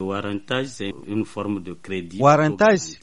Warantaj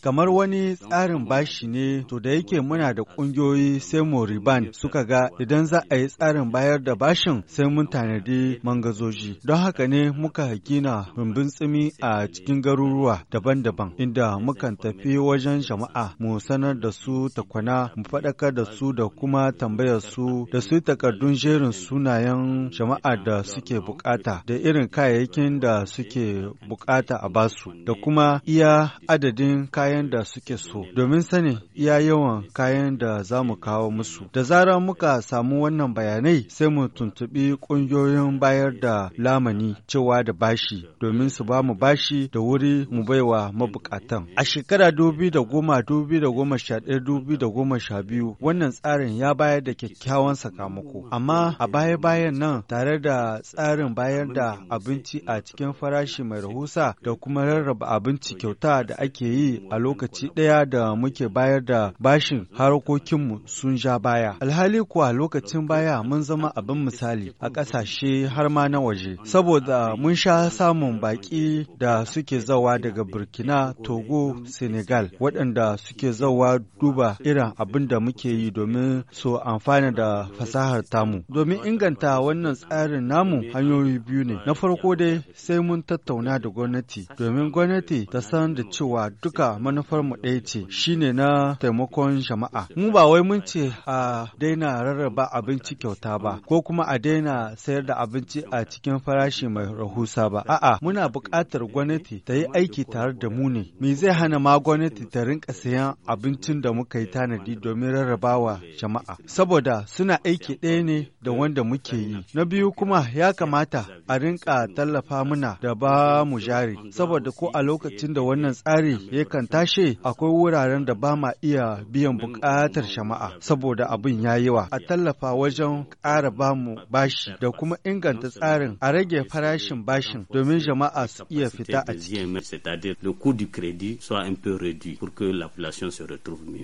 kamar wani tsarin bashi ne to da yake muna da ƙungiyoyi sai mu riban suka ga idan za a yi tsarin bayar da bashin sai mun tanadi mangazoji. Don haka ne muka gina rumbun tsimi a cikin garuruwa daban-daban inda mukan tafi wajen jama'a mu sanar da su takwana mu faɗakar da su da kuma tambayar su da su takardun jerin sunayen jama'a da suke bukata da irin kayayyakin da suke bukata. bukata a basu da kuma iya adadin kayan da suke so domin sanin iya yawan kayan da za mu kawo musu. Da zarar muka samu wannan bayanai sai mu tuntubi ƙungiyoyin bayar da lamani cewa da bashi domin su ba mu bashi da wuri mu baiwa mabukatan. A shekara dubi da goma dubi da goma sha ɗaya dubi da goma sha biyu wannan tsarin ya bayar da kyakkyawan sakamako. Amma a baya-bayan nan tare da tsarin bayar da abinci a cikin farashi mai rahusa ƙasa da kuma rarraba abinci kyauta da ake yi a lokaci ɗaya da muke bayar da bashin harkokinmu sun ja baya. Alhali kuwa lokacin baya mun zama abin misali a ƙasashe har ma na waje, saboda mun sha samun baƙi da suke zawa daga Burkina, Togo, Senegal, waɗanda suke zawa duba irin abin da muke yi domin su amfana da fasahar tamu. Domin inganta wannan tsarin namu hanyoyi biyu ne. Na farko dai sai mun tattauna da gwamnati domin gwamnati ta san da cewa duka manufar mu ɗaya ce shine na taimakon jama'a mu ba wai mun ce a daina rarraba abinci kyauta ba ko kuma a daina sayar da abinci a cikin farashi mai rahusa ba a'a muna buƙatar gwamnati ta yi aiki tare da mu ne me zai hana ma gwamnati ta rinka sayan abincin da muka yi tanadi domin rarrabawa jama'a saboda suna aiki ɗaya ne da wanda muke yi na biyu kuma ya kamata a rinka tallafa muna da ba mu ja share saboda ko a lokacin da wannan tsari yakan tashe akwai wuraren da ba ma iya biyan buƙatar shama'a saboda abin ya yi wa. a tallafa wajen ƙara bamu bashi da kuma inganta tsarin a rage farashin bashin domin jama'a su iya fita a ciki.